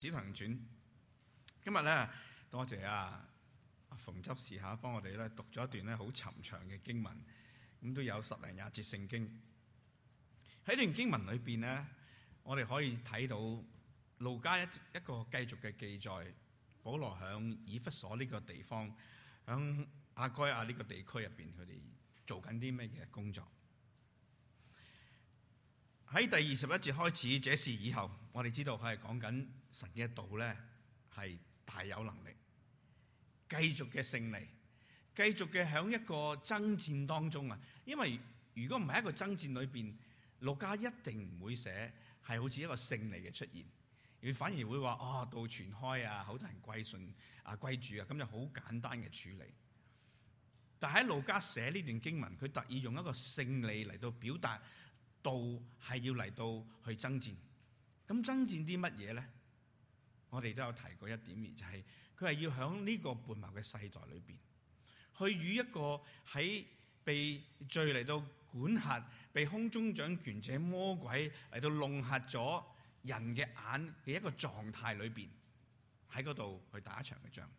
《使徒行傳》今日咧，多謝阿馮執事下幫我哋咧讀咗一段咧好尋長嘅經文，咁都有十零廿節聖經喺段經文裏邊咧，我哋可以睇到路加一一個繼續嘅記載，保羅響以弗所呢個地方響阿該亞呢個地區入邊，佢哋做緊啲咩嘅工作。喺第二十一節開始，這事以後，我哋知道佢係講緊神嘅道咧，係大有能力，繼續嘅勝利，繼續嘅響一個爭戰當中啊！因為如果唔係一個爭戰裏邊，路加一定唔會寫，係好似一個勝利嘅出現，而反而會話啊、哦、道傳開啊，好多人歸順啊歸主啊，咁、啊、就好簡單嘅處理。但喺路加寫呢段經文，佢特意用一個勝利嚟到表達。道係要嚟到去爭戰，咁爭戰啲乜嘢咧？我哋都有提過一點，就係佢係要響呢個悖謬嘅世代裏邊，去與一個喺被罪嚟到管轄，被空中掌權者魔鬼嚟到弄瞎咗人嘅眼嘅一個狀態裏邊，喺嗰度去打一場嘅仗，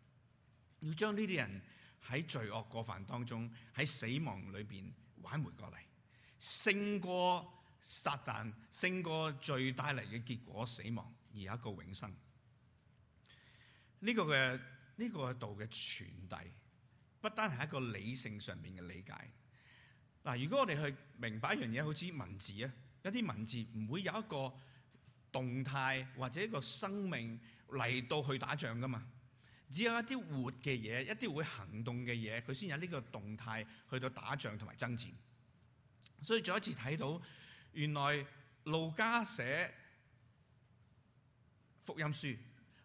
要將呢啲人喺罪惡過犯當中，喺死亡裏邊挽回過嚟。勝過撒但，勝過罪帶嚟嘅結果死亡，而有一個永生。呢個嘅呢個嘅道嘅傳遞，不單係一個理性上面嘅理解。嗱，如果我哋去明白一樣嘢，好似文字啊，一啲文字唔會有一個動態或者一個生命嚟到去打仗噶嘛，只有一啲活嘅嘢，一啲會行動嘅嘢，佢先有呢個動態去到打仗同埋爭戰。所以再一次睇到，原來路加寫福音書，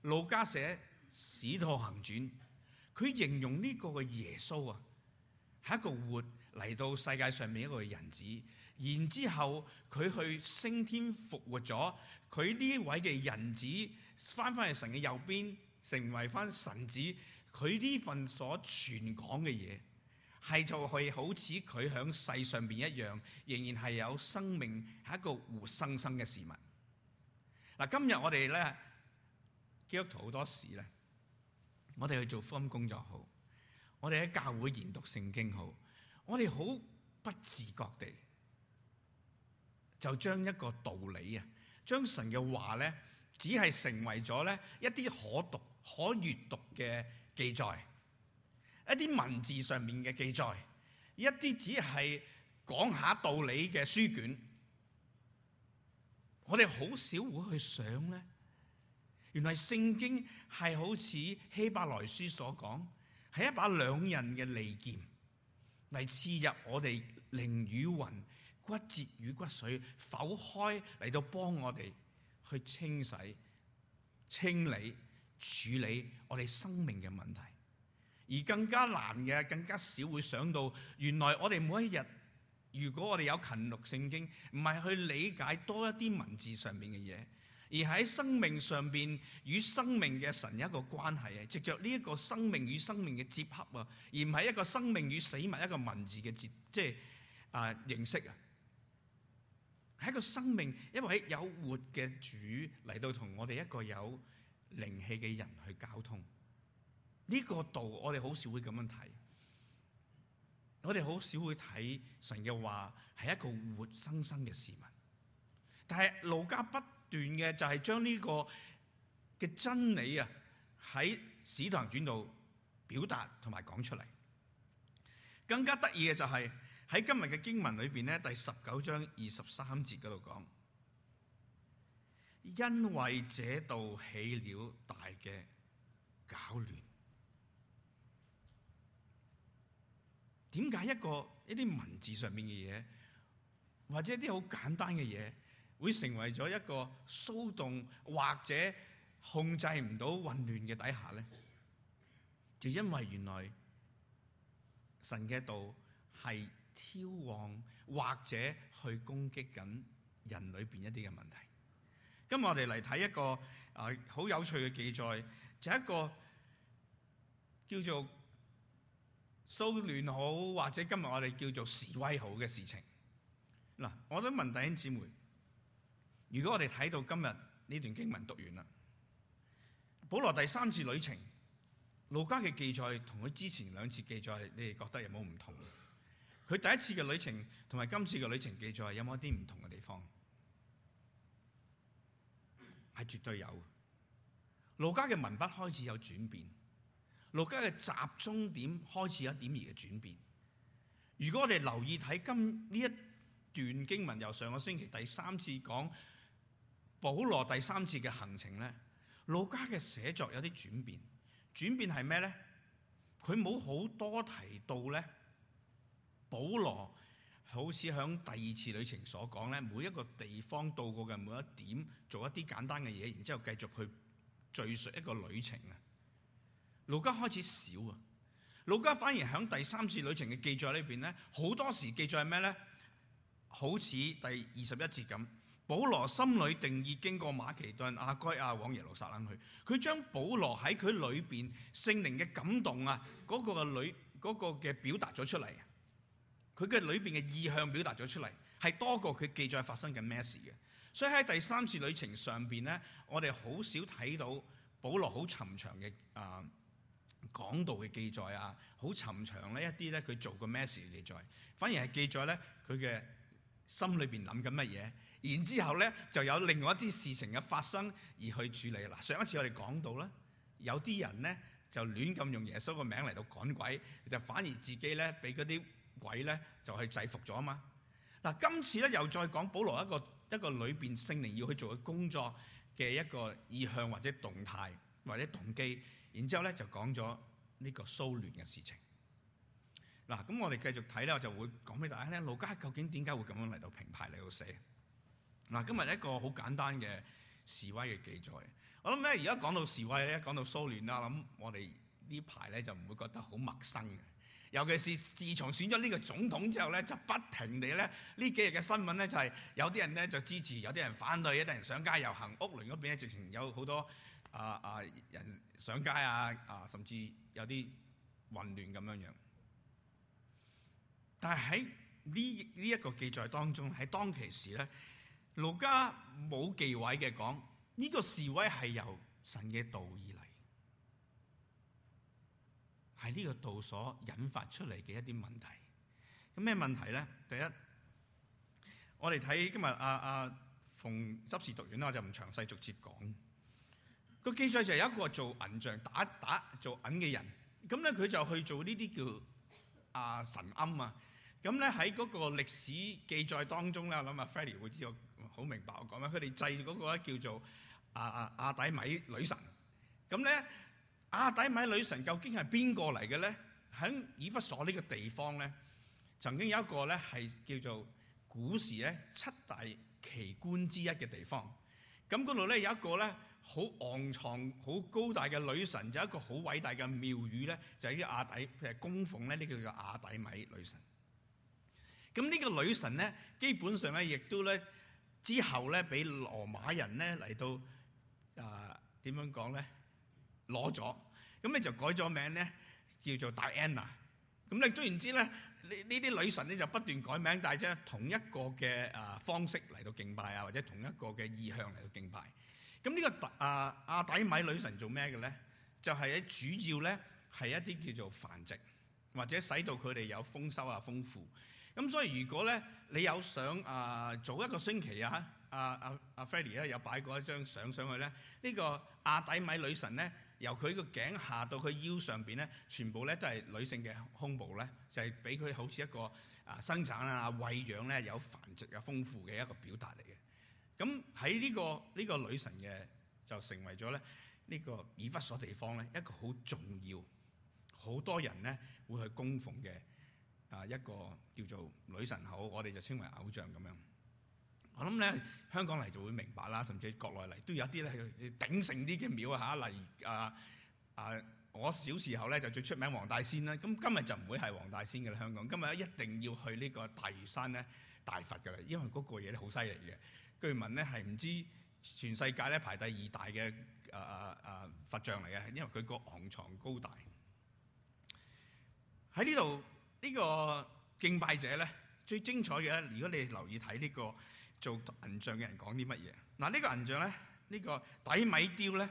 路加寫《使徒行傳》，佢形容呢個嘅耶穌啊，係一個活嚟到世界上面一個人子，然之後佢去升天復活咗，佢呢位嘅人子翻翻去神嘅右邊，成為翻神子，佢呢份所傳講嘅嘢。係就係好似佢喺世上面一樣，仍然係有生命，係一個活生生嘅事物。嗱，今日我哋咧，基督徒好多時咧，我哋去做福音工作好，我哋喺教會研讀聖經好，我哋好不自覺地就將一個道理啊，將神嘅話咧，只係成為咗咧一啲可讀、可閱讀嘅記載。一啲文字上面嘅記載，一啲只係講下道理嘅書卷，我哋好少會去想咧。原來聖經係好似希伯來書所講，係一把兩刃嘅利劍，嚟刺入我哋靈與魂、骨節與骨髓，剖開嚟到幫我哋去清洗、清理、處理我哋生命嘅問題。而更加難嘅，更加少會想到，原來我哋每一日，如果我哋有勤讀聖經，唔係去理解多一啲文字上面嘅嘢，而喺生命上邊與生命嘅神有一個關係啊，藉着呢一個生命與生命嘅接合啊，而唔係一個生命與死物的一個文字嘅接，即係啊認識啊，係一個生命，因為喺有活嘅主嚟到同我哋一個有靈氣嘅人去交通。呢、這個度我哋好少會咁樣睇，我哋好少會睇神嘅話係一個活生生嘅事物。但係路加不斷嘅就係將呢個嘅真理啊喺使徒行傳度表達同埋講出嚟。更加得意嘅就係、是、喺今日嘅經文裏邊咧，第十九章二十三節嗰度講，因為這道起了大嘅搞亂。點解一個一啲文字上面嘅嘢，或者一啲好簡單嘅嘢，會成為咗一個騷動，或者控制唔到混亂嘅底下咧？就因為原來神嘅道係挑旺，或者去攻擊緊人裏邊一啲嘅問題。今日我哋嚟睇一個誒好、呃、有趣嘅記載，就係、一個叫做。騷亂好，或者今日我哋叫做示威好嘅事情。嗱，我想問弟兄姊妹：如果我哋睇到今日呢段經文讀完啦，保羅第三次旅程，路加嘅記載同佢之前兩次記載，你哋覺得有冇唔同？佢第一次嘅旅程同埋今次嘅旅程記載有冇一啲唔同嘅地方？係絕對有的。路加嘅文筆開始有轉變。路加嘅集中點開始有一點兒嘅轉變。如果我哋留意睇今呢一段經文，由上個星期第三次講保羅第三次嘅行程咧，路加嘅寫作有啲轉變。轉變係咩咧？佢冇好多提到咧，保羅好似響第二次旅程所講咧，每一個地方到過嘅每一點，做一啲簡單嘅嘢，然之後繼續去敍述一個旅程啊。路加開始少啊，路加反而喺第三次旅程嘅記載裏邊咧，好多時記載係咩咧？好似第二十一節咁，保羅心裏定意經過馬其頓阿、啊、亞該亞往耶路撒冷去。佢將保羅喺佢裏邊聖靈嘅感動啊，嗰、那個嘅裏嗰個嘅表達咗出嚟，佢嘅裏邊嘅意向表達咗出嚟，係多過佢記載發生緊咩事嘅。所以喺第三次旅程上邊咧，我哋好少睇到保羅好尋常嘅啊。呃講道嘅記載啊，好尋常咧一啲咧佢做過咩事嘅記載，反而係記載咧佢嘅心裏邊諗緊乜嘢，然之後咧就有另外一啲事情嘅發生而去處理。嗱，上一次我哋講到啦，有啲人咧就亂咁用耶穌個名嚟到趕鬼，就反而自己咧畀嗰啲鬼咧就去制服咗啊嘛。嗱，今次咧又再講保羅一個一個裏邊聖靈要去做嘅工作嘅一個意向或者動態。或者動機，然之後咧就講咗呢個騷亂嘅事情。嗱，咁我哋繼續睇咧，我就會講俾大家聽，路加究竟點解會咁樣嚟到編排嚟到寫？嗱，今日一個好簡單嘅示威嘅記載。我諗咧，而家講到示威咧，講到騷亂啦，我諗我哋呢排咧就唔會覺得好陌生嘅。尤其是自從選咗呢個總統之後咧，就不停地咧呢幾日嘅新聞咧就係有啲人咧就支持，有啲人反對，有啲人上街遊行，屋崙嗰邊咧直情有好多。啊啊！人上街啊啊，甚至有啲混亂咁樣樣。但係喺呢呢一個記載當中，喺當其時咧，路加冇忌諱嘅講呢個示威係由神嘅道而嚟，係呢個道所引發出嚟嘅一啲問題。咁咩問題咧？第一，我哋睇今日啊啊，馮執事讀完啦，我就唔詳細逐節講。個記載就有一個做銀像打打做銀嘅人，咁咧佢就去做呢啲叫啊神龕啊。咁咧喺嗰個歷史記載當中咧，我諗阿 Fanny 會知道好明白我講咩。佢哋製嗰個咧叫做啊啊阿、啊、底米女神，咁咧阿底米女神究竟係邊個嚟嘅咧？喺以弗所呢個地方咧，曾經有一個咧係叫做古時咧七大奇觀之一嘅地方，咁嗰度咧有一個咧。好昂藏、好高大嘅女神，就是、一個好偉大嘅廟宇咧，就喺、是、啲阿底，譬、就、係、是、供奉咧，呢叫做阿底米女神。咁呢個女神咧，基本上咧，亦都咧之後咧，俾羅馬人咧嚟到啊點樣講咧攞咗，咁你就改咗名咧叫做戴安娜。咁你總言之咧，呢呢啲女神咧就不斷改名，但係即同一個嘅啊方式嚟到敬拜啊，或者同一個嘅意向嚟到敬拜。咁呢、這個啊阿、啊、底米女神做咩嘅咧？就係、是、咧主要咧係一啲叫做繁殖，或者使到佢哋有豐收啊、豐富。咁所以如果咧你有想啊早一個星期啊，阿阿阿 Freddy 咧有擺過一張相上去咧，呢、這個阿、啊、底米女神咧由佢個頸下到佢腰上邊咧，全部咧都係女性嘅胸部咧，就係俾佢好似一個啊生產啊餵養咧、啊、有繁殖啊豐富嘅一個表達嚟嘅。咁喺呢個呢、呢個女神嘅就成為咗咧呢個以弗所地方咧一個好重要，好多人咧會去供奉嘅啊一個叫做女神好，我哋就稱為偶像咁樣。我諗咧香港嚟就會明白啦，甚至國內嚟都有啲咧鼎盛啲嘅廟嚇嚟啊例如啊，啊！我小時候咧就最出名黃大仙啦。咁今日就唔會係黃大仙嘅啦，香港今日咧一定要去呢個大嶼山咧大佛嘅啦，因為嗰個嘢都好犀利嘅。據聞咧係唔知全世界咧排第二大嘅誒誒誒佛像嚟嘅，因為佢個昂藏高大。喺呢度呢個敬拜者咧最精彩嘅咧，如果你留意睇呢個做銀像嘅人講啲乜嘢，嗱呢個銀像咧呢、呢個底米雕咧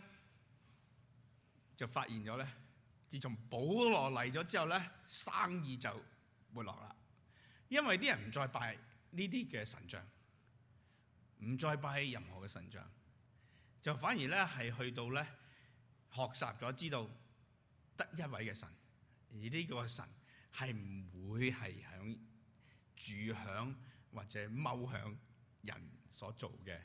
就發現咗咧，自從保羅嚟咗之後咧生意就沒落啦，因為啲人唔再拜呢啲嘅神像。唔再拜任何嘅神像，就反而咧係去到咧學習咗知道得一位嘅神，而呢個神係唔會係響住響或者踎響人所做嘅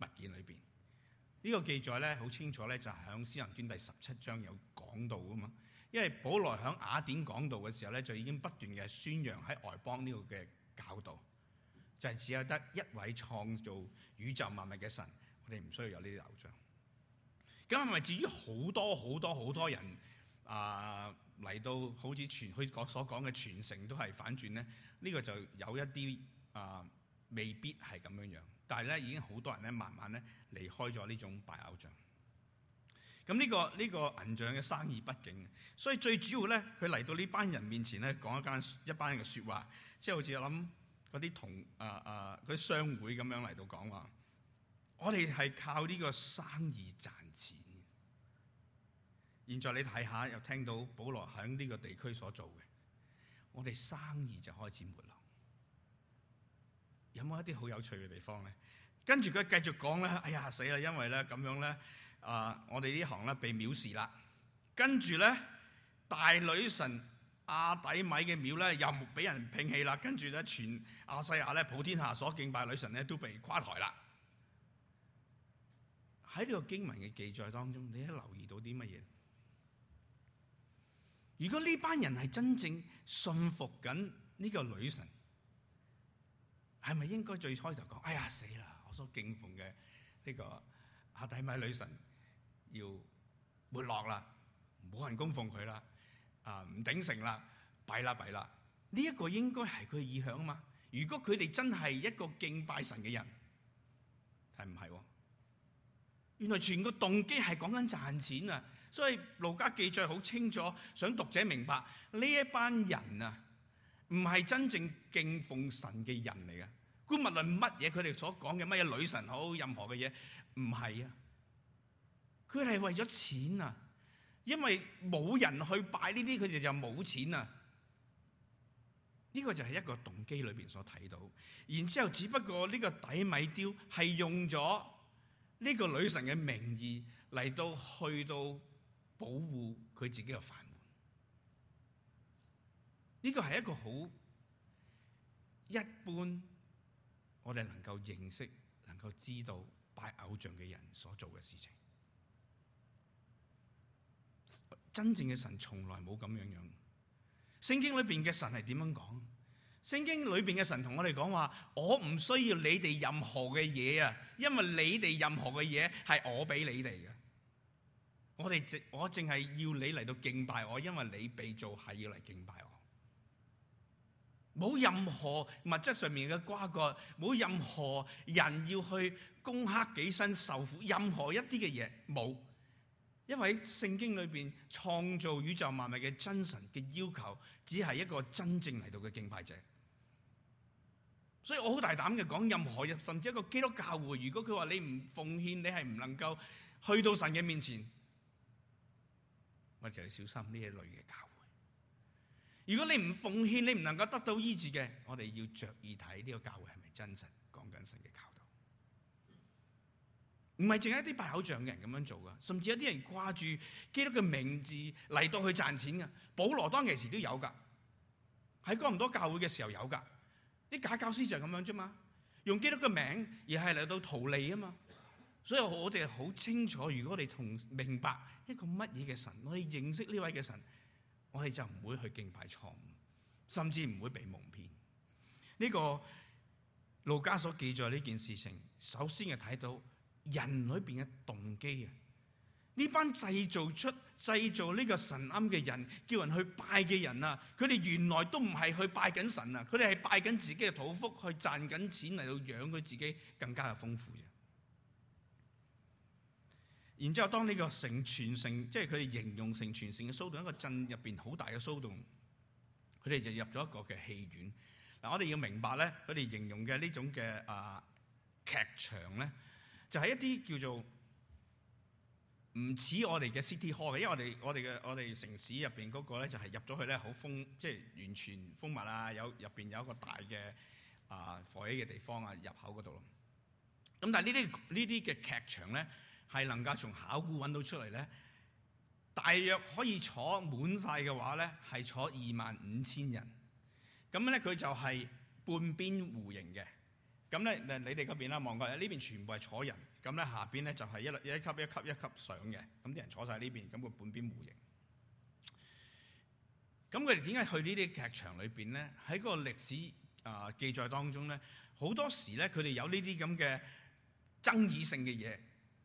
物件裏邊。呢、呢個記載咧好清楚咧，就響《使徒行傳》第十七章有講到啊嘛。因為保羅響雅典講道嘅時候咧，就已經不斷嘅宣揚喺外邦呢個嘅教導。就係、是、只有得一位創造宇宙萬物嘅神，我哋唔需要有呢啲偶像。咁係咪至於好多好多好多人啊嚟到好似全佢講所講嘅全城都係反轉咧？呢、這個就有一啲啊未必係咁樣樣，但係咧已經好多人咧慢慢咧離開咗呢種拜偶像。咁呢、這個呢、這個銀像嘅生意畢竟，所以最主要咧，佢嚟到呢班人面前咧講一間一班人嘅説話，即、就、係、是、好似我諗。嗰啲同啊啊啲商會咁樣嚟到講話，我哋係靠呢個生意賺錢。現在你睇下，又聽到保羅喺呢個地區所做嘅，我哋生意就開始沒落。有冇一啲好有趣嘅地方咧？跟住佢繼續講咧，哎呀死啦，因為咧咁樣咧啊、呃，我哋呢行咧被藐視啦。跟住咧大女神。阿底米嘅廟咧又俾人摒棄啦，跟住咧全亞細亞普天下所敬拜的女神都被垮台啦。喺呢個經文嘅記載當中，你有留意到啲乜嘢？如果呢班人係真正信服緊呢個女神，係咪應該最初就講，哎呀死啦！我所敬奉嘅呢個阿底米女神要沒落啦，冇人供奉佢啦。啊！唔頂成啦，弊啦弊啦！呢一個應該係佢意向啊嘛。如果佢哋真係一個敬拜神嘅人，係唔係？原來全個動機係講緊賺錢啊！所以《路加記》載好清楚，想讀者明白呢一班人啊，唔係真正敬奉神嘅人嚟嘅。故無論乜嘢，佢哋所講嘅乜嘢女神好，任何嘅嘢，唔係啊！佢係為咗錢啊！因為冇人去拜呢啲，佢哋就冇錢啊！呢個就係一個動機裏邊所睇到，然之後只不過呢個底米雕係用咗呢個女神嘅名義嚟到去到保護佢自己嘅飯碗。呢個係一個好一般我哋能夠認識、能夠知道拜偶像嘅人所做嘅事情。真正嘅神從來冇咁樣樣，聖經裏邊嘅神係點樣講？聖經裏邊嘅神同我哋講話：我唔需要你哋任何嘅嘢啊，因為你哋任何嘅嘢係我俾你哋嘅。我哋我淨係要你嚟到敬拜我，因為你被造係要嚟敬拜我。冇任何物質上面嘅瓜葛，冇任何人要去攻克己身受苦，任何一啲嘅嘢冇。因為喺聖經裏面創造宇宙萬物嘅真神嘅要求，只係一個真正嚟到嘅敬拜者。所以我好大膽嘅講，任何，甚至一個基督教會，如果佢話你唔奉獻，你係唔能夠去到神嘅面前。我就要小心呢一類嘅教會。如果你唔奉獻，你唔能夠得到醫治嘅，我哋要着意睇呢個教會係咪真神講緊神嘅教會。唔係淨係一啲拜偶像嘅人咁樣做噶，甚至有啲人掛住基督嘅名字嚟到去賺錢噶。保羅當其時都有噶，喺哥林多教會嘅時候有噶。啲假教師就咁樣啫嘛，用基督嘅名而係嚟到圖利啊嘛。所以我哋好清楚，如果我哋同明白一個乜嘢嘅神，我哋認識呢位嘅神，我哋就唔會去敬拜錯誤，甚至唔會被蒙騙。呢、這個路加所記載呢件事情，首先係睇到。人裏邊嘅動機啊，呢班製造出製造呢個神龕嘅人，叫人去拜嘅人啊，佢哋原來都唔係去拜緊神啊，佢哋係拜緊自己嘅肚腹，去賺緊錢嚟到養佢自己更加嘅豐富。然之後，當呢個成全成，即係佢哋形容成全成嘅騷動，一個鎮入邊好大嘅騷動，佢哋就入咗一個嘅戲院。嗱，我哋要明白咧，佢哋形容嘅、啊、呢種嘅啊劇場咧。就係、是、一啲叫做唔似我哋嘅 City Hall 嘅，因為我哋我哋嘅我哋城市入邊嗰個咧就係入咗去咧好封，即、就、係、是、完全封密啊！有入邊有一個大嘅啊、呃、火車嘅地方啊入口嗰度咯。咁但係呢啲呢啲嘅劇場咧係能夠從考古揾到出嚟咧，大約可以坐滿晒嘅話咧係坐二萬五千人。咁咧佢就係半邊弧形嘅。咁咧，你哋嗰邊啦，望過嚟呢邊全部係坐人。咁咧，下邊咧就係一一級一級一級上嘅。咁啲人坐晒呢邊，咁個半邊模型。咁佢哋點解去呢啲劇場裏邊咧？喺個歷史啊記載當中咧，好多時咧，佢哋有呢啲咁嘅爭議性嘅嘢，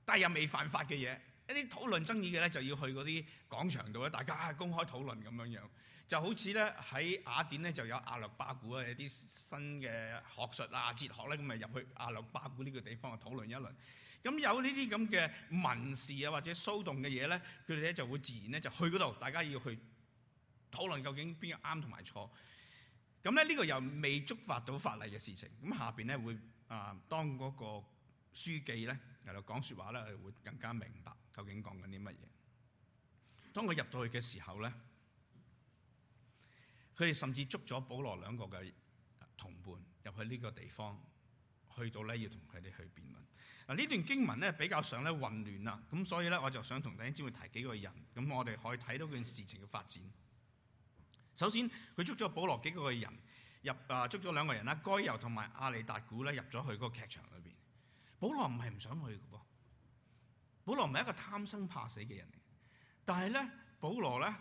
但係又未犯法嘅嘢。一啲討論爭議嘅咧，就要去嗰啲廣場度咧，大家公開討論咁樣樣。就好似咧喺雅典咧就有亞略巴古啊，有啲新嘅學術啊、哲學咧咁咪入去亞略巴古呢個地方啊討論一輪。咁有呢啲咁嘅民事啊或者騷動嘅嘢咧，佢哋咧就會自然咧就去嗰度，大家要去討論究竟邊個啱同埋錯。咁咧，呢個又未觸發到法例嘅事情。咁下邊咧會啊當嗰個書記咧嚟講説話咧，會更加明白究竟講緊啲乜嘢。當佢入到去嘅時候咧。佢哋甚至捉咗保羅兩個嘅同伴入去呢個地方，去到咧要同佢哋去辯論。嗱、啊、呢段經文咧比較上咧混亂啊，咁所以咧我就想同弟兄姊妹提幾個人，咁我哋可以睇到件事情嘅發展。首先佢捉咗保羅幾個人入啊，捉咗兩個人啦，該猶同埋阿里達古咧入咗去嗰個劇場裏邊。保羅唔係唔想去嘅噃，保羅唔係一個貪生怕死嘅人，但係咧保羅咧。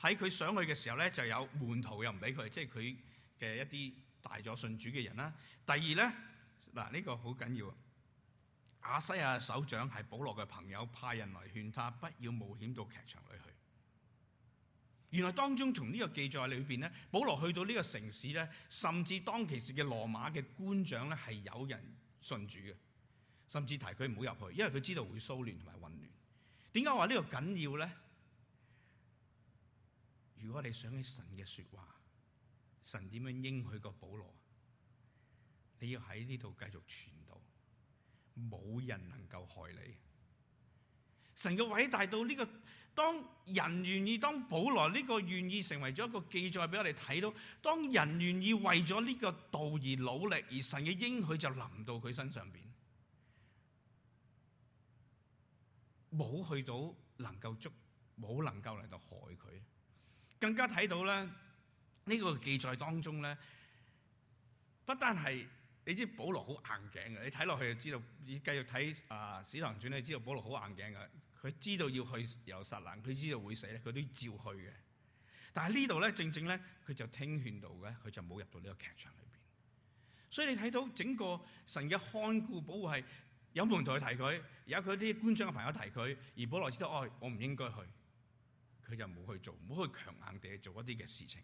喺佢上去嘅時候咧，就有門徒又唔俾佢，即係佢嘅一啲大咗信主嘅人啦。第二咧，嗱，呢個好緊要。亞西亞首長係保羅嘅朋友，派人嚟勸他不要冒險到劇場裏去。原來當中從呢個記載裏邊咧，保羅去到呢個城市咧，甚至當其時嘅羅馬嘅官長咧，係有人信主嘅，甚至提佢唔好入去，因為佢知道會騷亂同埋混亂。點解話呢個緊要咧？如果你想起神嘅說話，神點樣應許個保羅？你要喺呢度繼續傳道，冇人能夠害你。神嘅偉大到呢個，當人願意，當保羅呢個願意成為咗一個記載俾我哋睇到，當人願意為咗呢個道而努力，而神嘅應許就臨到佢身上邊，冇去到能夠捉，冇能夠嚟到害佢。更加睇到咧，呢、這個記載當中咧，不單係你知保羅好硬頸嘅，你睇落去就知道，你繼續睇《啊、呃、使徒行傳》你知道保羅好硬頸嘅。佢知道要去耶路撒冷，佢知道會死咧，佢都照去嘅。但係呢度咧，正正咧，佢就聽勸到嘅，佢就冇入到呢個劇場裏邊。所以你睇到整個神嘅看顧保護係有門徒提佢，有佢啲官長嘅朋友提佢，而保羅知道哦、哎，我唔應該去。佢就冇去做，唔好去強硬地做一啲嘅事情。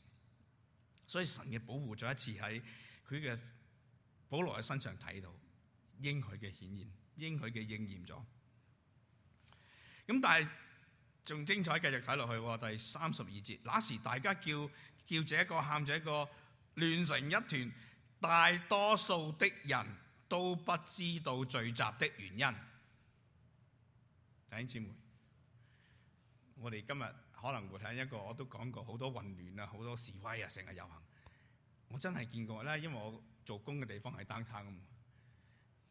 所以神嘅保護咗一次喺佢嘅保羅嘅身上睇到應許嘅顯現，應許嘅應驗咗。咁、嗯、但係仲精彩，繼續睇落去。第三十二節，那時大家叫叫這一個喊這一個，亂成一團，大多數的人都不知道聚集的原因。弟兄姊妹，我哋今日。可能會睇一個我都講過好多混亂啊，好多示威啊，成日遊行，我真係見過啦。因為我做工嘅地方喺丹坦咁，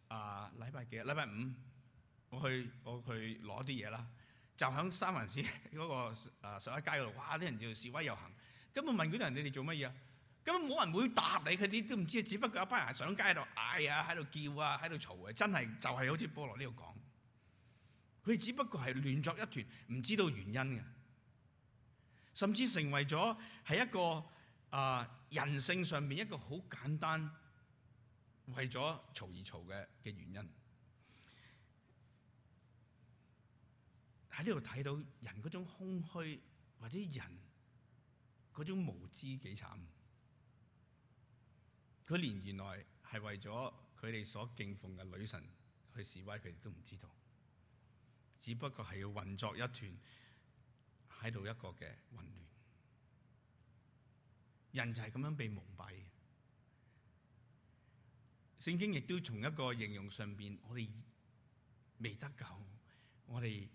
啊禮拜幾日？禮拜五我去我去攞啲嘢啦，就喺三藩市嗰、那個呃、十一街嗰度，哇！啲人叫做示威遊行，根本問嗰啲人你哋做乜嘢？根本冇人會答你，佢哋都唔知。只不過一班人上街喺度嗌啊，喺度叫啊，喺度嘈啊，真係就係好似保羅呢度講，佢只不過係亂作一團，唔知道原因嘅。甚至成為咗係一個啊、呃、人性上面一個好簡單為咗嘈而嘈嘅嘅原因，喺呢度睇到人嗰種空虛或者人嗰種無知幾慘，佢連原來係為咗佢哋所敬奉嘅女神去示威，佢哋都唔知道，只不過係要混作一團。喺度一個嘅混亂，人就係咁樣被蒙蔽。聖經亦都從一個形容上邊，我哋未得救，我哋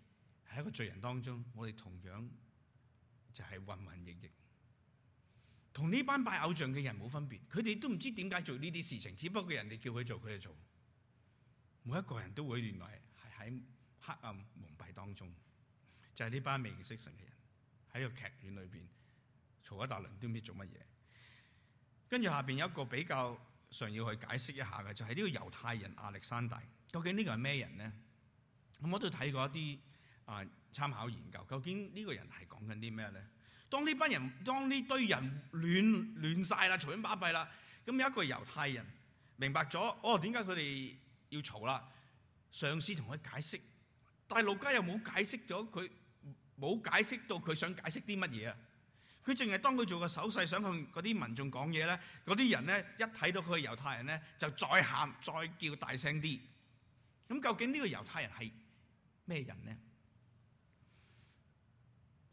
喺一個罪人當中，我哋同樣就係混混役役，同呢班拜偶像嘅人冇分別。佢哋都唔知點解做呢啲事情，只不過人哋叫佢做，佢就做。每一個人都會原來係喺黑暗蒙蔽當中，就係、是、呢班未認識神嘅人。喺個劇院裏邊嘈一大輪，都唔知做乜嘢。跟住下邊有一個比較常要去解釋一下嘅，就係、是、呢個猶太人亞歷山大。究竟個呢個係咩人咧？咁我都睇過一啲啊參考研究。究竟呢個人係講緊啲咩咧？當呢班人，當呢堆人亂亂晒啦，嘈喧巴閉啦。咁有一個猶太人明白咗，哦，點解佢哋要嘈啦？上司同佢解釋，大陸家又冇解釋咗佢。冇解釋到佢想解釋啲乜嘢啊！佢淨係當佢做個手勢，想向嗰啲民眾講嘢咧。嗰啲人咧一睇到佢係猶太人咧，就再喊再叫大聲啲。咁究竟呢個猶太人係咩人咧？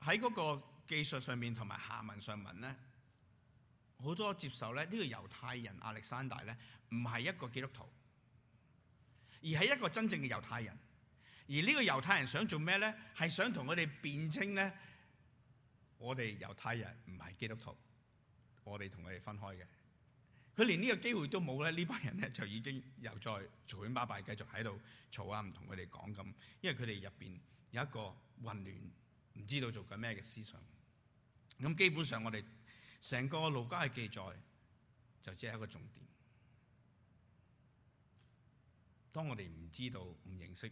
喺嗰個技術上面同埋下文上文咧，好多接受咧呢個猶太人亞歷山大咧，唔係一個基督徒，而係一個真正嘅猶太人。而呢個猶太人想做咩咧？係想同我哋辯稱咧，我哋猶太人唔係基督徒，我哋同佢哋分開嘅。佢連呢個機會都冇咧，呢班人咧就已經又再嘈喧巴閉，繼續喺度嘈啊，唔同佢哋講。咁因為佢哋入邊有一個混亂，唔知道做緊咩嘅思想。咁基本上我哋成個路加嘅記載就只係一個重點。當我哋唔知道、唔認識。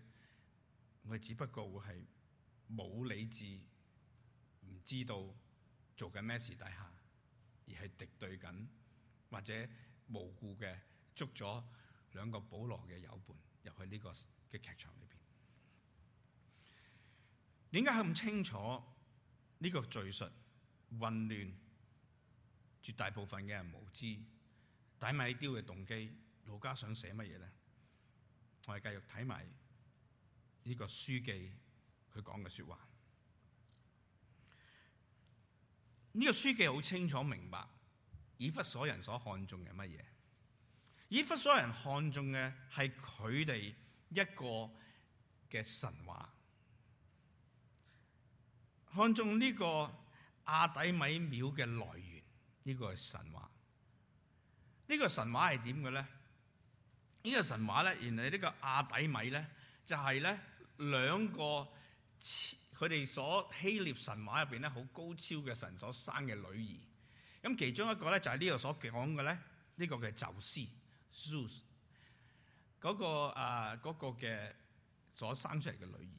我哋只不過會係冇理智，唔知道做緊咩事底下，而係敵對緊，或者無故嘅捉咗兩個保羅嘅友伴入去呢個嘅劇場裏邊。點解咁清楚呢、呢個敘述混亂？絕大部分嘅人無知，底米丟嘅動機，路加想寫乜嘢呢？我哋繼續睇埋。呢、這個書記佢講嘅說的話，呢、這個書記好清楚明白以弗所人所看中嘅乜嘢？以弗所人看中嘅係佢哋一個嘅神話，看中呢個阿底米廟嘅來源，呢、這個係神話。呢、這個神話係點嘅咧？呢、這個神話咧，原來呢個阿底米咧就係、是、咧。兩個佢哋所希臘神話入邊咧，好高超嘅神所生嘅女兒，咁其中一個咧就係呢度所講嘅咧，呢、呢個嘅宙斯，Zeus，嗰個啊嘅、嗰個、所生出嚟嘅女兒，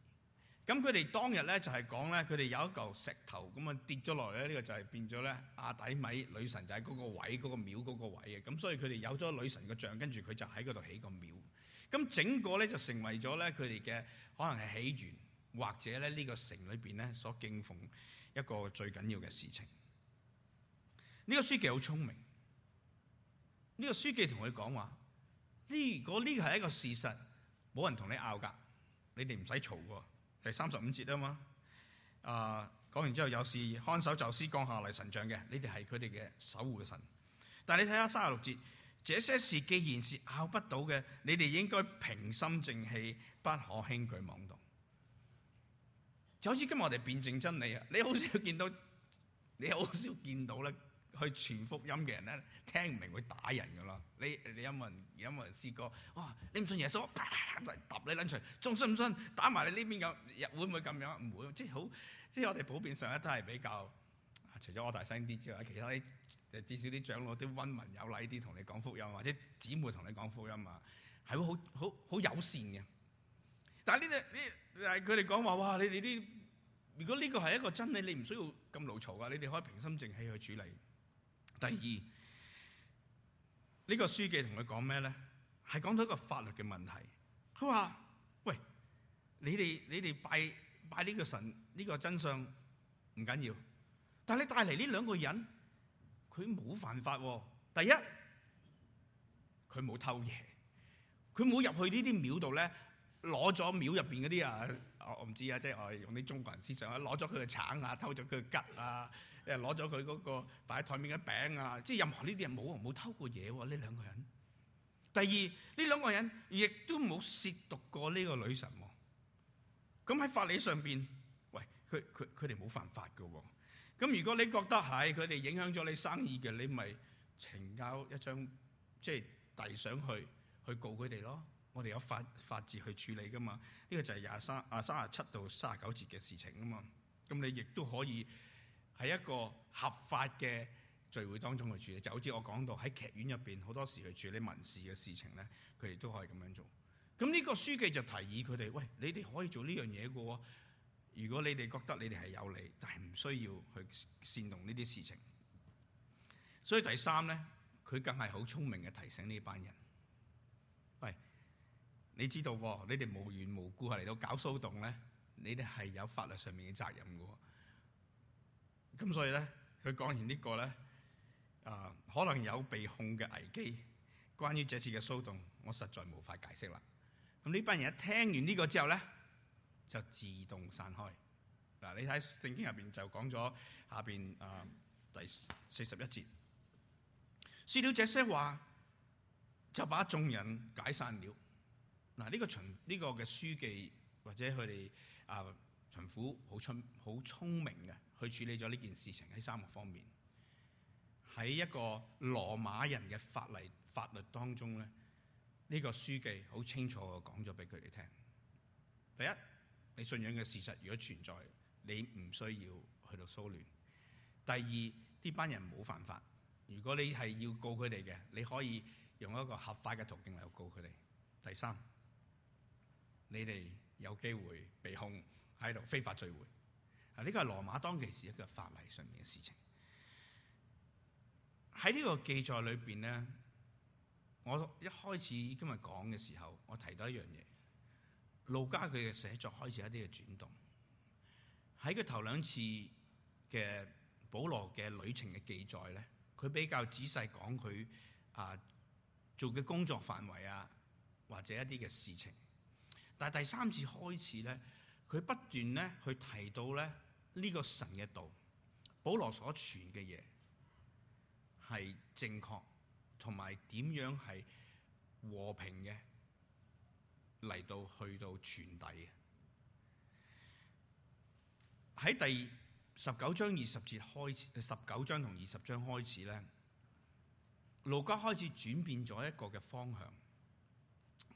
咁佢哋當日咧就係講咧，佢哋有一嚿石頭咁啊跌咗落嚟咧，呢、呢個就係變咗咧阿底米女神就喺嗰個位嗰、嗰個廟嗰個位嘅，咁所以佢哋有咗女神嘅像，跟住佢就喺嗰度起個廟。咁整個咧就成為咗咧佢哋嘅可能係起源，或者咧呢個城裏邊咧所敬奉一個最緊要嘅事情。呢個書記好聰明，呢個書記同佢講話：呢個呢係一個事實，冇人同你拗㗎，你哋唔使嘈㗎。係三十五節啊嘛，啊講完之後有事看守就宙斯降下嚟神像嘅，你哋係佢哋嘅守護神。但係你睇下三十六節。這些事既然是拗不到嘅，你哋應該平心靜氣，不可輕舉妄動。就好似今日我哋辯證真理啊！你好少見到，你好少見到咧去傳福音嘅人咧聽唔明會打人噶咯。你你有冇人有冇人試過？哇、哦！你唔信耶穌，啪嚟揼你撚除。仲信唔信？打埋你呢邊咁，會唔會咁樣？唔會，即係好，即係我哋普遍上咧都係比較，除咗我大聲啲之外，其他啲。至少啲長老啲溫文有禮啲，同你講福音，或者姊妹同你講福音啊，係會好好好友善嘅。但係呢啲呢，係佢哋講話哇！你哋啲如果呢個係一個真理，你唔需要咁老嘈噶，你哋可以平心靜氣去處理。第二呢個書記同佢講咩咧？係講到一個法律嘅問題。佢話：喂，你哋你哋拜拜呢個神呢個真相唔緊要，但係你帶嚟呢兩個人。佢冇犯法喎、哦。第一，佢冇偷嘢，佢冇入去呢啲廟度咧，攞咗廟入邊嗰啲啊，我唔知啊，即係我用啲中國人思想啊，攞咗佢嘅橙啊，偷咗佢嘅桔啊，誒攞咗佢嗰個擺喺台面嘅餅啊，即係任何呢啲人冇冇偷過嘢喎呢兩個人。第二，呢兩個人亦都冇褻瀆過呢個女神喎、哦。咁喺法理上邊，喂，佢佢佢哋冇犯法嘅喎、哦。咁如果你覺得係佢哋影響咗你生意嘅，你咪呈交一張即係遞上去去告佢哋咯。我哋有法法治去處理噶嘛？呢個就係廿三啊三十七到三十九節嘅事情啊嘛。咁你亦都可以喺一個合法嘅聚會當中去處理，就好似我講到喺劇院入邊好多時去處理民事嘅事情咧，佢哋都可以咁樣做。咁呢個書記就提議佢哋：喂，你哋可以做呢樣嘢嘅喎。如果你哋覺得你哋係有理，但係唔需要去煽動呢啲事情。所以第三咧，佢更係好聰明嘅提醒呢班人。喂，你知道喎？你哋無緣無故係嚟到搞騷動咧，你哋係有法律上面嘅責任嘅。咁所以咧，佢講完呢個咧，啊，可能有被控嘅危機。關於這次嘅騷動，我實在無法解釋啦。咁呢班人一聽完呢個之後咧，就自動散開。嗱、啊，你睇聖經入邊就講咗下邊啊第四,四十一節。説了這些話，就把眾人解散了。嗱、啊，呢、這個巡呢、這個嘅書記或者佢哋啊巡撫好聰好聰明嘅，去處理咗呢件事情喺三個方面。喺一個羅馬人嘅法例法律當中咧，呢、這個書記好清楚嘅講咗俾佢哋聽。第一。你信仰嘅事實如果存在，你唔需要去到騷亂。第二，呢班人冇犯法。如果你係要告佢哋嘅，你可以用一個合法嘅途徑嚟告佢哋。第三，你哋有機會被控喺度非法聚會。啊，呢個係羅馬當其時一個法例上面嘅事情。喺呢個記載裏面呢，我一開始今日講嘅時候，我提到一樣嘢。路加佢嘅寫作開始一啲嘅轉動，喺佢頭兩次嘅保羅嘅旅程嘅記載咧，佢比較仔細講佢啊做嘅工作範圍啊，或者一啲嘅事情。但係第三次開始咧，佢不斷咧去提到咧呢個神嘅道，保羅所傳嘅嘢係正確，同埋點樣係和平嘅。嚟到去到傳遞喺第十九章二十節開始，十九章同二十章開始咧，路加開始轉變咗一個嘅方向。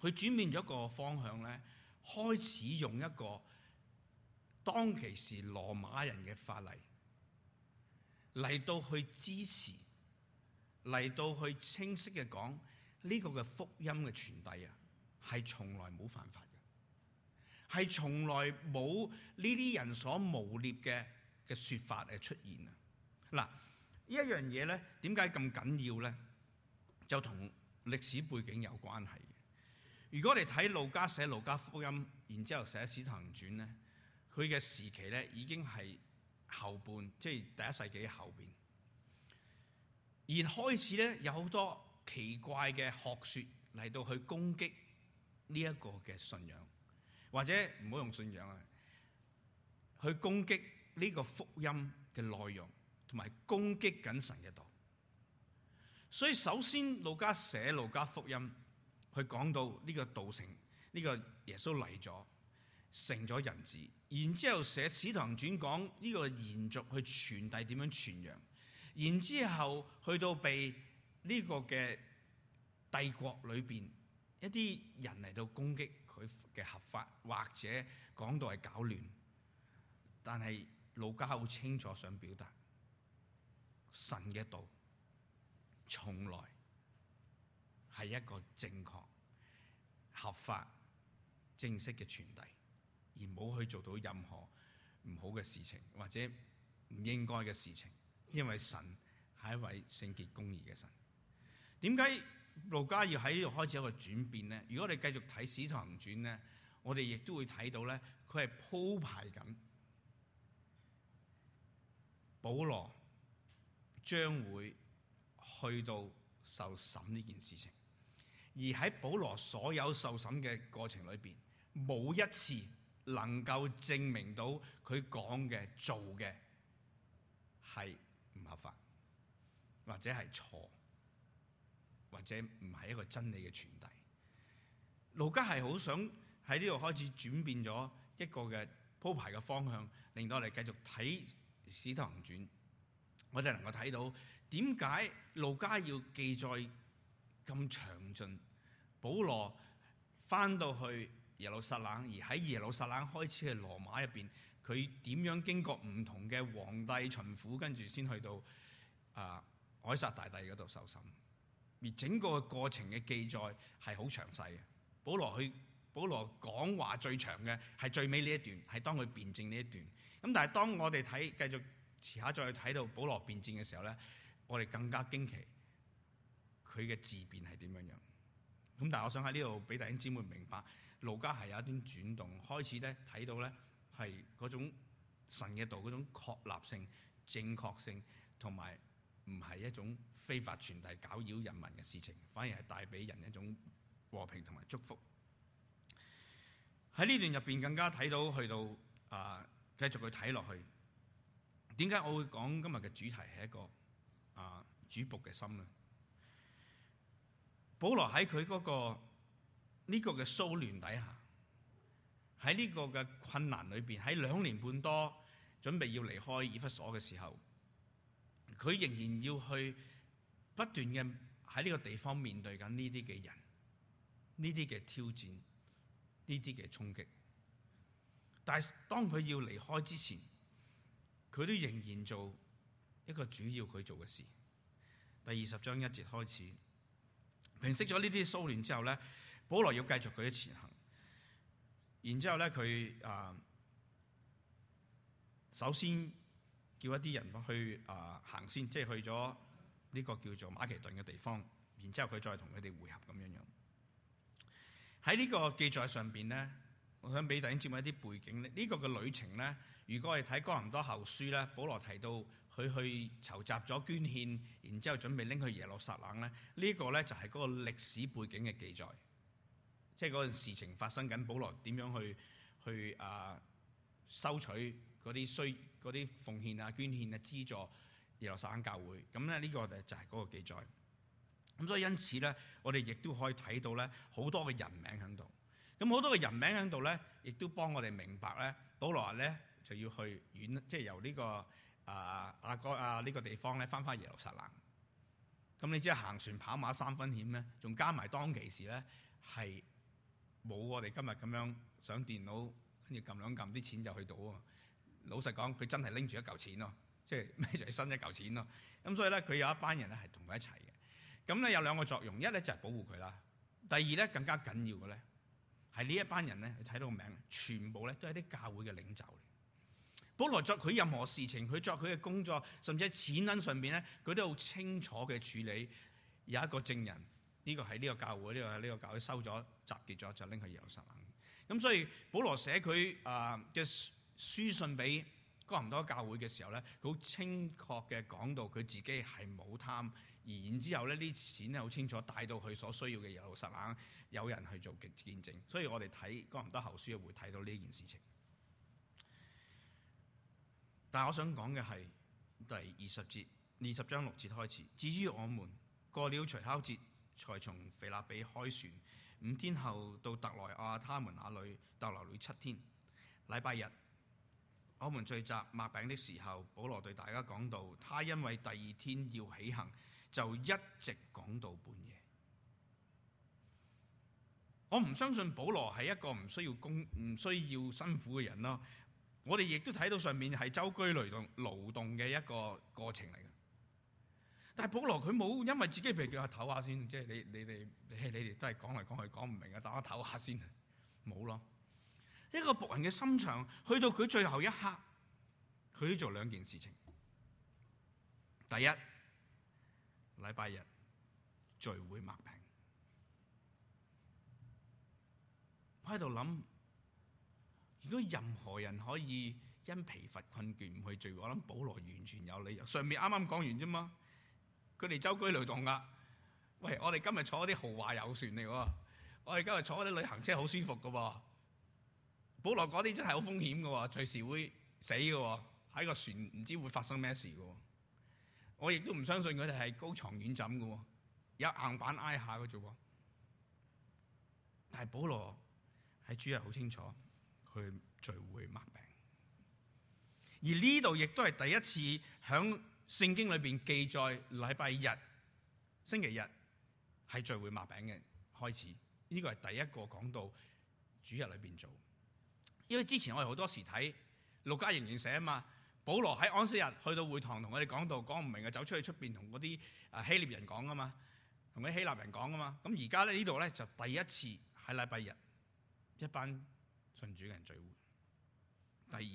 佢轉變咗一個方向咧，開始用一個當其時羅馬人嘅法例嚟到去支持，嚟到去清晰嘅講呢個嘅福音嘅傳遞啊！係從來冇犯法嘅，係從來冇呢啲人所誣衊嘅嘅説法係出現啊！嗱，呢一樣嘢咧，點解咁緊要咧？就同歷史背景有關係嘅。如果你睇路加寫路加福音，然之後寫《使徒行傳》咧，佢嘅時期咧已經係後半，即係第一世紀後邊，而開始咧有好多奇怪嘅學説嚟到去攻擊。呢一個嘅信仰，或者唔好用信仰啊，去攻擊呢個福音嘅內容，同埋攻擊緊神嘅道。所以首先，路加寫路加福音，佢講到呢個道成，呢個耶穌嚟咗，成咗人子，然之後寫使徒行傳講呢個延續去傳遞點樣傳揚，然之後去到被呢個嘅帝國裏邊。一啲人嚟到攻擊佢嘅合法，或者講到係搞亂，但係路加好清楚想表達，神嘅道從來係一個正確、合法、正式嘅傳遞，而冇去做到任何唔好嘅事情，或者唔應該嘅事情，因為神係一位聖潔公義嘅神。點解？路加喺呢度開始有個轉變。如果你繼續睇使徒行傳，我哋亦都會睇到咧，佢係鋪排緊保羅將會去到受審呢件事情。而喺保羅所有受審嘅過程裏面，冇一次能夠證明到佢講嘅、做嘅係唔合法或者係錯。或者唔係一個真理嘅傳遞。路加係好想喺呢度開始轉變咗一個嘅鋪排嘅方向，令到我哋繼續睇《使徒行傳》，我哋能夠睇到點解路加要記載咁詳盡。保羅翻到去耶路撒冷，而喺耶路撒冷開始嘅羅馬入邊，佢點樣經過唔同嘅皇帝巡撫，跟住先去到啊、呃、凱撒大帝嗰度受審。而整個過程嘅記載係好詳細嘅。保羅去保羅講話最長嘅係最尾呢一段，係當佢辯證呢一段。咁但係當我哋睇繼續遲下再睇到保羅辯證嘅時候咧，我哋更加驚奇佢嘅自辯係點樣樣。咁但係我想喺呢度俾弟兄姊妹明白，路加係有一段轉動，開始咧睇到咧係嗰種神嘅道嗰種確立性、正確性同埋。唔係一種非法傳遞、攪擾人民嘅事情，反而係帶俾人一種和平同埋祝福。喺呢段入邊，更加睇到去到啊、呃，繼續去睇落去，點解我會講今日嘅主題係一個啊、呃、主僕嘅心呢？保羅喺佢嗰個呢、這個嘅騷亂底下，喺呢個嘅困難裏邊，喺兩年半多準備要離開以弗所嘅時候。佢仍然要去不斷嘅喺呢個地方面對緊呢啲嘅人，呢啲嘅挑戰，呢啲嘅衝擊。但係當佢要離開之前，佢都仍然做一個主要佢做嘅事。第二十章一節開始，平息咗呢啲騷亂之後咧，保羅要繼續佢嘅前行。然之後咧，佢，啊，首先。叫一啲人去啊、呃、行先，即係去咗呢個叫做馬其頓嘅地方，然之後佢再同佢哋會合咁樣樣。喺呢個記載上邊呢，我想俾大家接觸一啲背景。呢、這個嘅旅程呢，如果我哋睇哥林多後書呢，保羅提到佢去籌集咗捐獻，然之後準備拎去耶路撒冷呢，呢、這個呢就係、是、嗰個歷史背景嘅記載，即係嗰陣事情發生緊，保羅點樣去去啊、呃、收取？嗰啲需啲奉獻啊、捐獻啊、資助耶路撒冷教會，咁咧呢個就就係嗰個記載。咁所以因此咧，我哋亦都可以睇到咧，好多嘅人名喺度。咁好多嘅人名喺度咧，亦都幫我哋明白咧，保羅啊咧就要去遠，即、就、係、係、由呢、呢個啊阿哥啊呢、啊呢個地方咧翻返回耶路撒冷。咁你知行船跑馬三分險咧，仲加埋當其時咧係冇我哋今日咁樣上電腦跟住撳兩撳啲錢就去到啊！老實講，佢真係拎住一嚿錢咯，即係孭住新一嚿錢咯。咁所以咧，佢有一班人咧係同佢一齊嘅。咁咧有兩個作用，一咧就係保護佢啦。第二咧更加緊要嘅咧，係呢一班人咧，你睇到個名，全部咧都係啲教會嘅領袖嚟。保羅作佢任何事情，佢作佢嘅工作，甚至喺錢銀上邊咧，佢都好清楚嘅處理。有一個證人，呢、這個喺呢個教會，呢、這個喺呢個教會收咗、集結咗，就拎佢二十萬。咁所以保羅寫佢啊嘅。Uh, this, 書信俾哥林多教會嘅時候呢，佢好清楚嘅講到佢自己係冇貪，然之後呢啲錢咧，好清楚帶到佢所需要嘅嘢，老實講有人去做見證，所以我哋睇哥林多後書會睇到呢件事情。但係我想講嘅係第二十節二十章六節開始，至於我們過了除酵節，才從腓立比開船，五天後到特來亞，他們那裡逗留了七天，禮拜日。我們聚集擘餅的時候，保羅對大家講道，他因為第二天要起行，就一直講到半夜。我唔相信保羅係一個唔需要工、唔需要辛苦嘅人咯。我哋亦都睇到上面係周居勞動勞動嘅一個過程嚟嘅。但係保羅佢冇因為自己譬如叫下唞下先，即係你你哋你哋都係講嚟講去講唔明啊，大家唞下先，冇咯。一個僕人嘅心腸，去到佢最後一刻，佢都做兩件事情。第一，禮拜日聚會抹平。我喺度諗，如果任何人可以因疲乏困倦唔去聚會，我諗保羅完全有理由。上面啱啱講完啫嘛，佢哋周居勞頓㗎。喂，我哋今日坐啲豪華遊船嚟喎，我哋今日坐啲旅行車好舒服㗎喎。保羅嗰啲真係有風險嘅，隨時會死嘅，喺個船唔知會發生咩事嘅。我亦都唔相信佢哋係高床軟枕嘅，有硬板挨下嘅啫。但係保羅喺主日好清楚，佢聚會擘餅。而呢度亦都係第一次響聖經裏邊記載禮拜日、星期日係聚會擘餅嘅開始。呢個係第一個講到主日裏邊做。因為之前我哋好多時睇《路加》仍然寫啊嘛，保羅喺安息日去到會堂同佢哋講道，講唔明啊，走出去出邊同嗰啲啊希臘人講啊嘛，同啲希臘人講啊嘛。咁而家咧呢度咧就第一次喺禮拜日一班信主嘅人聚會。第二，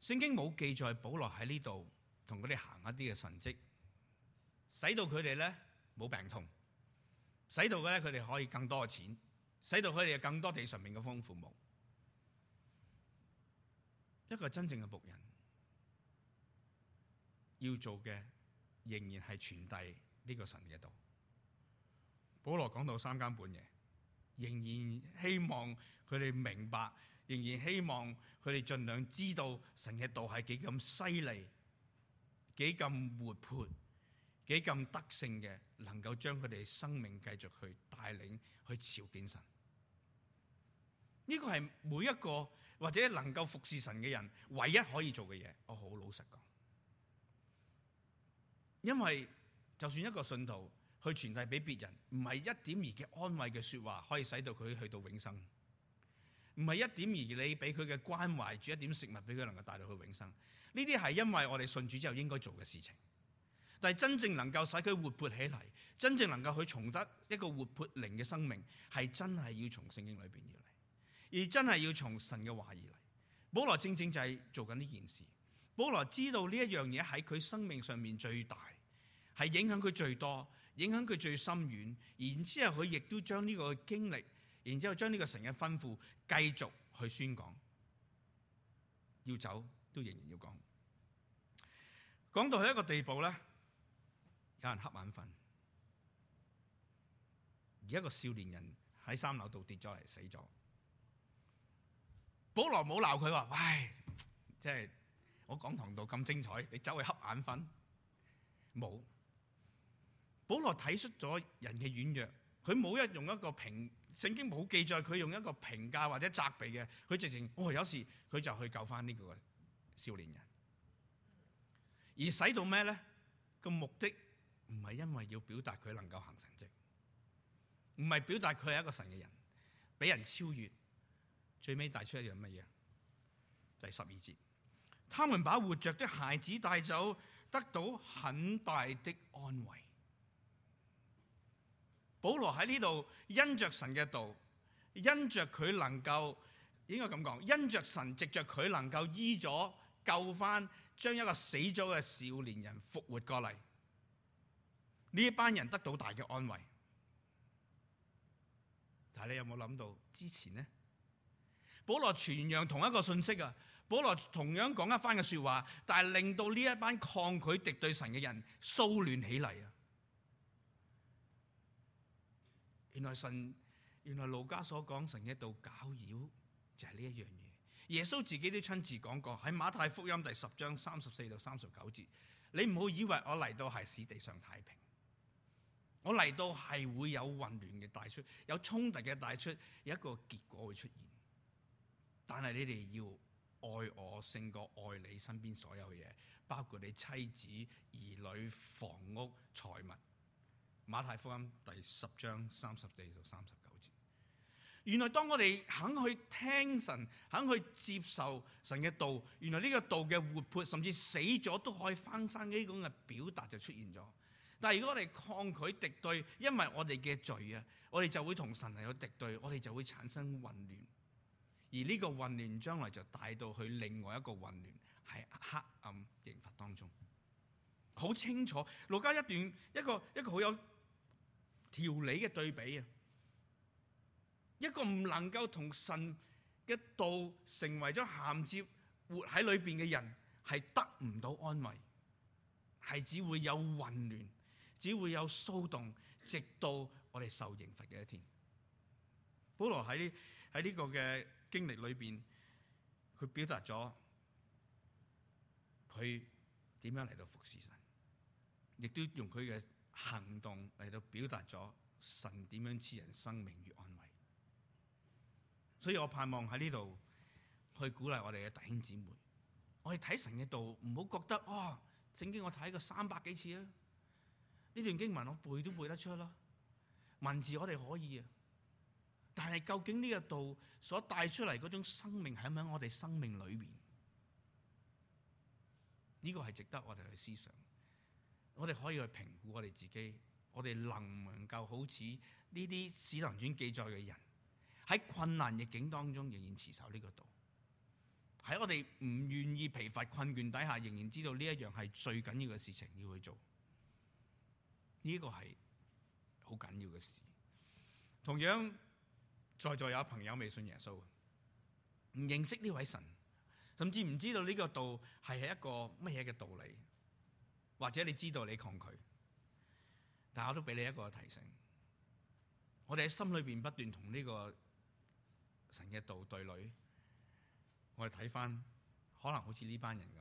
聖經冇記載保羅喺呢度同佢哋行一啲嘅神蹟，使到佢哋咧冇病痛，使到咧佢哋可以更多嘅錢。使到佢哋有更多地上面嘅豐富夢。冇一個真正嘅僕人要做嘅，仍然係傳遞呢個神嘅道。保羅講到三更半夜，仍然希望佢哋明白，仍然希望佢哋盡量知道神嘅道係幾咁犀利，幾咁活潑。幾咁得性嘅，能夠將佢哋生命繼續去帶領去朝見神，呢個係每一個或者能夠服侍神嘅人唯一可以做嘅嘢。我好老實講，因為就算一個信徒去傳遞俾別人，唔係一點二嘅安慰嘅說話，可以使到佢去到永生，唔係一點二你俾佢嘅關懷煮一點食物俾佢，能夠帶到去永生。呢啲係因為我哋信主之後應該做嘅事情。但係真正能夠使佢活潑起嚟，真正能夠去重得一個活潑靈嘅生命，係真係要從聖經裏邊要嚟，而真係要從神嘅話而嚟。保羅正正就係做緊呢件事。保羅知道呢一樣嘢喺佢生命上面最大，係影響佢最多，影響佢最深遠。然之後佢亦都將呢個經歷，然之後將呢個神嘅吩咐繼續去宣講，要走都仍然要講。講到去一個地步咧，有人瞌眼瞓，而一個少年人喺三樓度跌咗嚟，死咗。保羅冇鬧佢話：喂，即、哎、係我講堂度咁精彩，你走去瞌眼瞓，冇。保羅睇出咗人嘅軟弱，佢冇一用一個評，聖經冇記載佢用一個評價或者責備嘅，佢直情，哦，有時佢就去救翻呢個少年人，而使到咩咧？這個目的。唔係因為要表達佢能夠行神蹟，唔係表達佢係一個神嘅人，俾人超越，最尾帶出一樣乜嘢？第十二節，他們把活着的孩子帶走，得到很大的安慰。保羅喺呢度因着神嘅道，因着佢能夠，應該咁講，因着神藉着佢能夠醫咗救翻，將一個死咗嘅少年人復活過嚟。呢一班人得到大嘅安慰，但係你有冇諗到之前呢？保羅傳揚同一個信息啊，保羅同樣講一番嘅說話，但係令到呢一班抗拒敵對神嘅人騷亂起嚟啊！原來神，原來路加所講神嘅道攪擾就係、是、呢一樣嘢。耶穌自己都親自講過喺馬太福音第十章三十四到三十九節，你唔好以為我嚟到係使地上太平。我嚟到係會有混亂嘅帶出，有衝突嘅帶出，有一個結果會出現。但係你哋要愛我勝過愛你身邊所有嘢，包括你妻子、兒女、房屋、財物。馬太福音第十章三十四到三十九節。原來當我哋肯去聽神，肯去接受神嘅道，原來呢個道嘅活潑，甚至死咗都可以翻生。呢種嘅表達就出現咗。但係如果我哋抗拒敵對，因為我哋嘅罪啊，我哋就會同神嚟有敵對，我哋就會產生混亂，而呢個混亂將來就帶到去另外一個混亂，喺黑暗刑罰當中。好清楚，路加一段一個一個好有條理嘅對比啊，一個唔能夠同神嘅道成為咗銜接活喺裏邊嘅人，係得唔到安慰，係只會有混亂。只會有騷動，直到我哋受刑罰嘅一天。保羅喺喺呢個嘅經歷裏邊，佢表達咗佢點樣嚟到服侍神，亦都用佢嘅行動嚟到表達咗神點樣賜人生命與安慰。所以我盼望喺呢度去鼓勵我哋嘅弟兄姊妹，我哋睇神嘅道，唔好覺得哇！整、哦、經我睇過三百幾次啊！呢段經文我背都背得出啦，文字我哋可以呀，但係究竟呢個道所帶出嚟嗰種生命係咪喺我哋生命裏面？呢個係值得我哋去思想。我哋可以去評估我哋自己，我哋能唔能夠好似呢啲《使徒行傳》記載嘅人，喺困難逆境當中仍然持守呢個道，喺我哋唔願意疲乏困倦底下，仍然知道呢一樣係最緊要嘅事情要去做。呢個係好緊要嘅事。同樣在座有朋友未信耶穌，唔認識呢位神，甚至唔知道呢個道係一個乜嘢嘅道理，或者你知道你抗拒，但我都俾你一個提醒。我哋喺心裏邊不斷同呢個神嘅道對壘，我哋睇翻可能好似呢班人咁，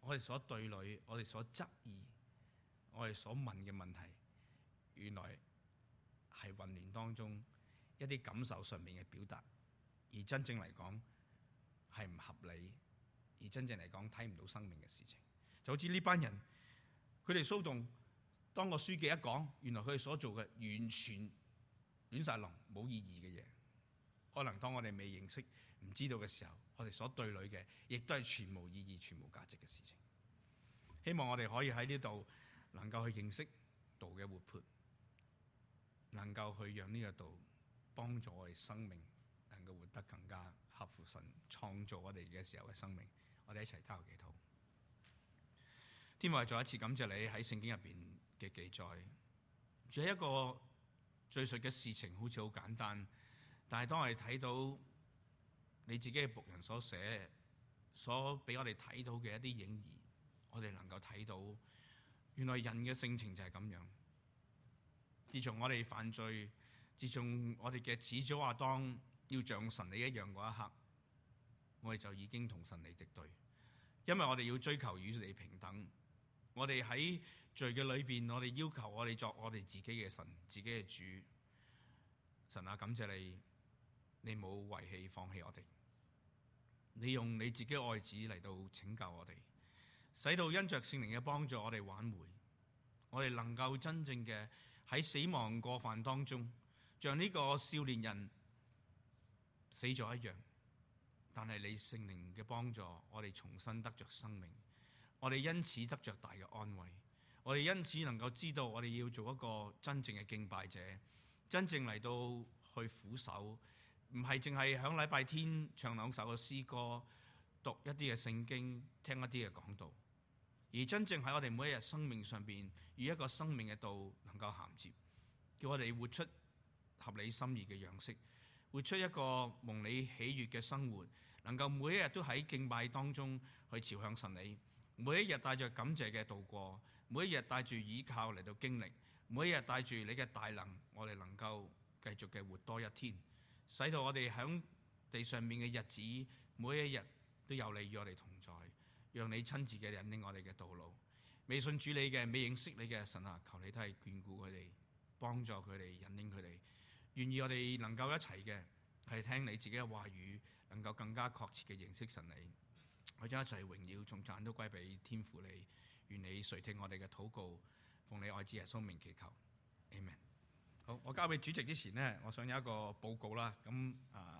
我哋所對壘，我哋所質疑。我哋所問嘅問題，原來係混亂當中一啲感受上面嘅表達，而真正嚟講係唔合理，而真正嚟講睇唔到生命嘅事情。就好似呢班人，佢哋騷動，當個書記一講，原來佢哋所做嘅完全亂晒龍，冇意義嘅嘢。可能當我哋未認識、唔知道嘅時候，我哋所對裏嘅，亦都係全無意義、全無價值嘅事情。希望我哋可以喺呢度。能夠去認識道嘅活潑，能夠去讓呢個道幫助我哋生命，能夠活得更加合乎神創造我哋嘅時候嘅生命。我哋一齊禱告祈禱。天父，再一次感謝你喺聖經入邊嘅記載，只係一個敘述嘅事情，好似好簡單，但係當我哋睇到你自己嘅僕人所寫，所俾我哋睇到嘅一啲影兒，我哋能夠睇到。原來人嘅性情就係咁樣。自從我哋犯罪，自從我哋嘅始祖亞當要像神你一樣嗰一刻，我哋就已經同神你敵對。因為我哋要追求與你平等，我哋喺罪嘅裏面，我哋要求我哋作我哋自己嘅神，自己嘅主。神啊，感謝你，你冇遺棄放棄我哋，你用你自己的愛子嚟到拯救我哋。使到因着聖靈嘅幫助，我哋挽回，我哋能夠真正嘅喺死亡過犯當中，像呢個少年人死咗一樣。但係你聖靈嘅幫助，我哋重新得着生命，我哋因此得着大嘅安慰，我哋因此能夠知道我哋要做一個真正嘅敬拜者，真正嚟到去俯首，唔係淨係響禮拜天唱兩首嘅詩歌，讀一啲嘅聖經，聽一啲嘅講道。而真正喺我哋每一日生命上邊，與一個生命嘅道能夠銜接，叫我哋活出合理心意嘅樣式，活出一個蒙你喜悅嘅生活，能夠每一日都喺敬拜當中去朝向神你，每一日帶着感謝嘅度過，每一日帶住倚靠嚟到經歷，每一日帶住你嘅大能，我哋能夠繼續嘅活多一天，使到我哋響地上面嘅日子，每一日都有你與我哋同在。讓你親自嘅引領我哋嘅道路，未信主你嘅，未認識你嘅，神啊，求你都係眷顧佢哋，幫助佢哋，引領佢哋，願意我哋能夠一齊嘅，係聽你自己嘅話語，能夠更加確切嘅認識神你，我將一齊榮耀，頌讚都歸俾天父你，願你垂聽我哋嘅禱告，奉你愛子耶穌名祈求，amen。好，我交俾主席之前呢，我想有一個報告啦，咁啊。呃